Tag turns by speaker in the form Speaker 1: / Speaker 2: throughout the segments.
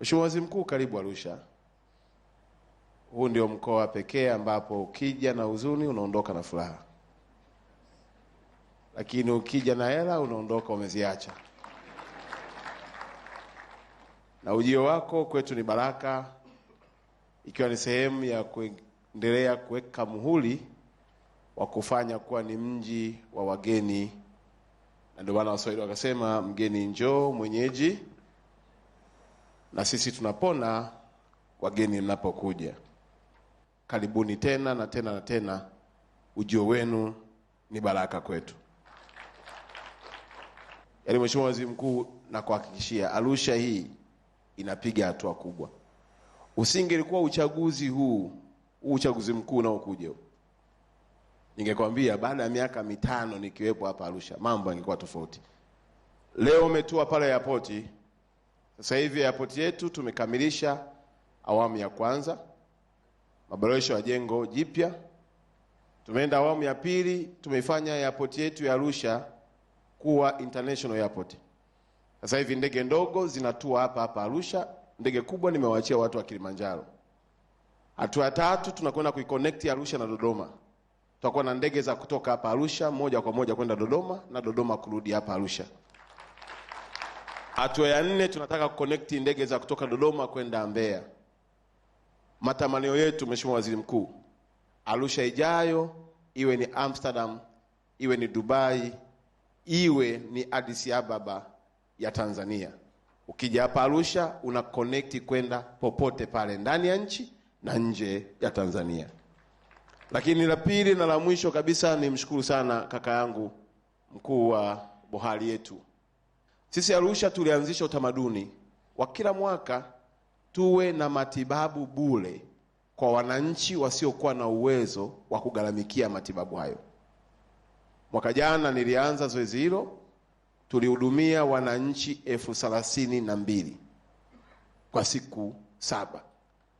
Speaker 1: Mheshimiwa Waziri Mkuu, karibu Arusha. Huu ndio mkoa pekee ambapo ukija na huzuni unaondoka na furaha, lakini ukija na hela unaondoka umeziacha. Na ujio wako kwetu ni baraka, ikiwa ni sehemu ya kuendelea kuweka muhuri wa kufanya kuwa ni mji wa wageni, na ndio maana Waswahili wakasema mgeni njoo mwenyeji na sisi tunapona wageni mnapokuja. Karibuni tena na tena na tena, ujio wenu ni baraka kwetu. Yaani Mheshimiwa Waziri Mkuu, nakuhakikishia Arusha hii inapiga hatua kubwa. Usingelikuwa uchaguzi huu huu uchaguzi mkuu unaokuja, ningekwambia baada ya miaka mitano nikiwepo hapa Arusha mambo yangekuwa tofauti. Leo umetua pale yapoti sasa hivi airport yetu tumekamilisha awamu ya kwanza, maboresho ya jengo jipya. Tumeenda awamu ya pili, tumeifanya airport yetu ya Arusha kuwa international airport. Sasa hivi ndege ndogo zinatua hapa hapa Arusha, ndege kubwa nimewaachia watu wa Kilimanjaro. Hatua ya tatu tunakwenda kuiconnect Arusha na Dodoma. Tutakuwa na ndege za kutoka hapa Arusha moja kwa moja kwenda Dodoma na Dodoma kurudi hapa Arusha. Hatua ya nne tunataka kuconnecti ndege za kutoka Dodoma kwenda Mbeya. Matamanio yetu Mheshimiwa Waziri Mkuu, Arusha ijayo iwe ni Amsterdam, iwe ni Dubai, iwe ni Addis Ababa ya Tanzania. Ukija hapa Arusha una connect kwenda popote pale ndani ya nchi na nje ya Tanzania. Lakini la pili na la mwisho kabisa, ni mshukuru sana kaka yangu mkuu wa bohari yetu sisi Arusha tulianzisha utamaduni wa kila mwaka tuwe na matibabu bure kwa wananchi wasiokuwa na uwezo wa kugharamikia matibabu hayo. Mwaka jana nilianza zoezi hilo, tulihudumia wananchi elfu thelathini na mbili kwa siku saba,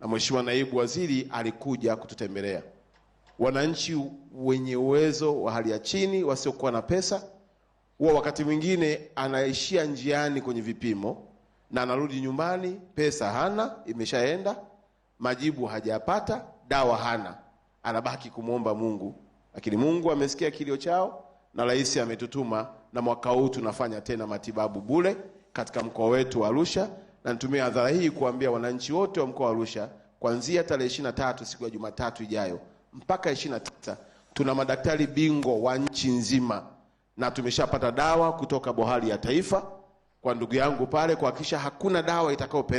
Speaker 1: na Mheshimiwa Naibu Waziri alikuja kututembelea. Wananchi wenye uwezo wa hali ya chini wasiokuwa na pesa huwa wakati mwingine anaishia njiani kwenye vipimo na anarudi nyumbani, pesa hana, imeshaenda, majibu hajapata, dawa hana, anabaki kumwomba Mungu. Lakini Mungu amesikia kilio chao na rais ametutuma, na mwaka huu tunafanya tena matibabu bure katika mkoa wetu wa Arusha, na nitumie hadhara hii kuambia wananchi wote wa mkoa wa Arusha kuanzia tarehe ishirini na tatu siku ya Jumatatu ijayo mpaka ishirini na tisa tuna madaktari bingwa wa nchi nzima na tumeshapata dawa kutoka bohari ya taifa kwa ndugu yangu pale kuhakikisha hakuna dawa itakayopelekwa